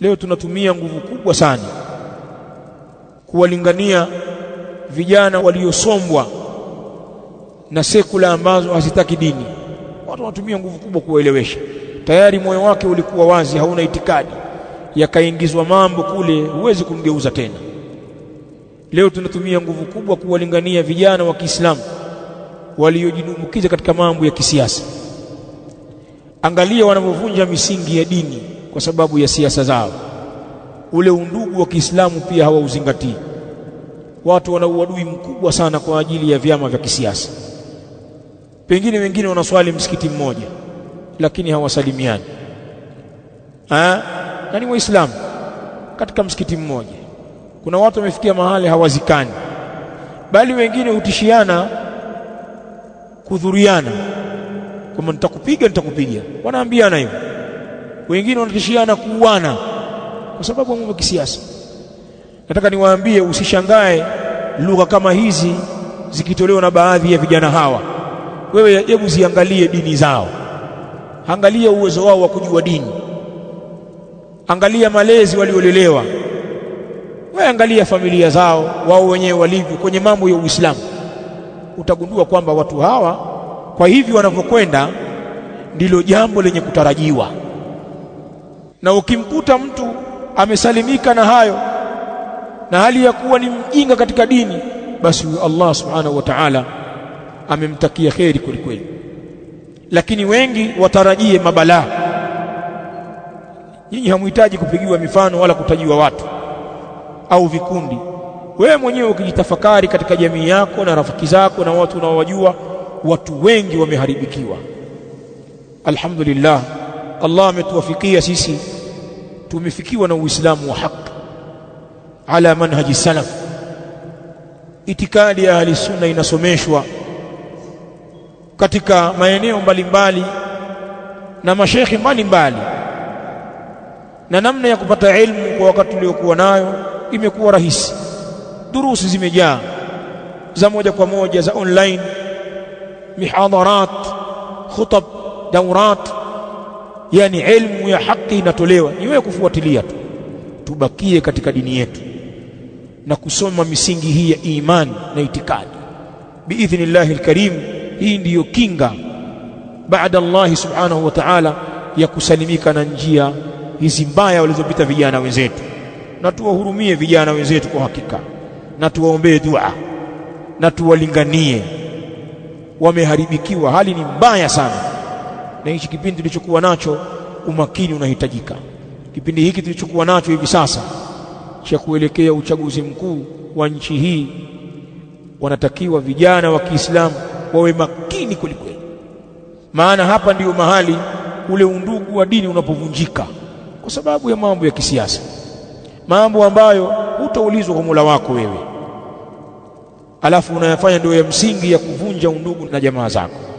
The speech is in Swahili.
Leo tunatumia nguvu kubwa sana kuwalingania vijana waliosombwa na sekula ambazo hazitaki dini. Watu wanatumia nguvu kubwa kuwaelewesha. Tayari moyo wake ulikuwa wazi, hauna itikadi, yakaingizwa mambo kule, huwezi kumgeuza tena. Leo tunatumia nguvu kubwa kuwalingania vijana wa Kiislamu waliojidumukiza katika mambo ya kisiasa. Angalia wanavyovunja misingi ya dini kwa sababu ya siasa zao. Ule undugu wa Kiislamu pia hawauzingatii. Watu wana uadui mkubwa sana kwa ajili ya vyama vya kisiasa. Pengine wengine wanaswali msikiti mmoja, lakini hawasalimiani ha? na ni Waislamu katika msikiti mmoja. Kuna watu wamefikia mahali hawazikani, bali wengine hutishiana kudhuriana, kwamba nitakupiga, nitakupiga, wanaambiana hivyo wengine wanatishiana kuuana kwa sababu mambo kisiasa. Nataka niwaambie, usishangae lugha kama hizi zikitolewa na baadhi ya vijana hawa. Wewe hebu ziangalie dini zao, angalia uwezo wao wa kujua dini, angalia malezi waliolelewa, wewe angalia familia zao wao wenyewe walivyo kwenye mambo ya Uislamu, utagundua kwamba watu hawa kwa hivi wanavyokwenda ndilo jambo lenye kutarajiwa na ukimkuta mtu amesalimika na hayo na hali ya kuwa ni mjinga katika dini, basi huyo Allah subhanahu wa ta'ala amemtakia kheri kwelikweli Lakini wengi watarajie mabalaa. Nyinyi hamhitaji kupigiwa mifano wala kutajiwa watu au vikundi. Wewe mwenyewe ukijitafakari katika jamii yako na rafiki zako na watu unaowajua, watu wengi wameharibikiwa. Alhamdulillah, Allah ametuwafikia sisi tumefikiwa na Uislamu wa haki ala manhaji salaf. Itikadi ya ahli sunna inasomeshwa katika maeneo mbalimbali na mashekhi mbalimbali, na namna ya kupata elimu kwa wakati uliokuwa nayo imekuwa rahisi. Durusi zimejaa za moja kwa moja, za online, mihadharat, khutab, daurat yani elimu ya haki inatolewa, ni wewe kufuatilia tu. Tubakie katika dini yetu na kusoma misingi hii ya imani na itikadi biidhnillahi alkarim. Hii ndiyo kinga baada Allahi subhanahu wa ta'ala ya kusalimika na njia hizi mbaya walizopita vijana wenzetu, na tuwahurumie vijana wenzetu kwa hakika, na tuwaombee dua na tuwalinganie. Wameharibikiwa, hali ni mbaya sana na hichi kipindi tulichokuwa nacho, umakini unahitajika. Kipindi hiki tulichokuwa nacho hivi sasa cha kuelekea uchaguzi mkuu wa nchi hii, wanatakiwa vijana wa Kiislamu wawe makini kwelikweli, maana hapa ndiyo mahali ule undugu wa dini unapovunjika kwa sababu ya mambo ya kisiasa, mambo ambayo hutaulizwa kwa Mola wako wewe, alafu unayafanya ndio ya msingi ya kuvunja undugu na jamaa zako.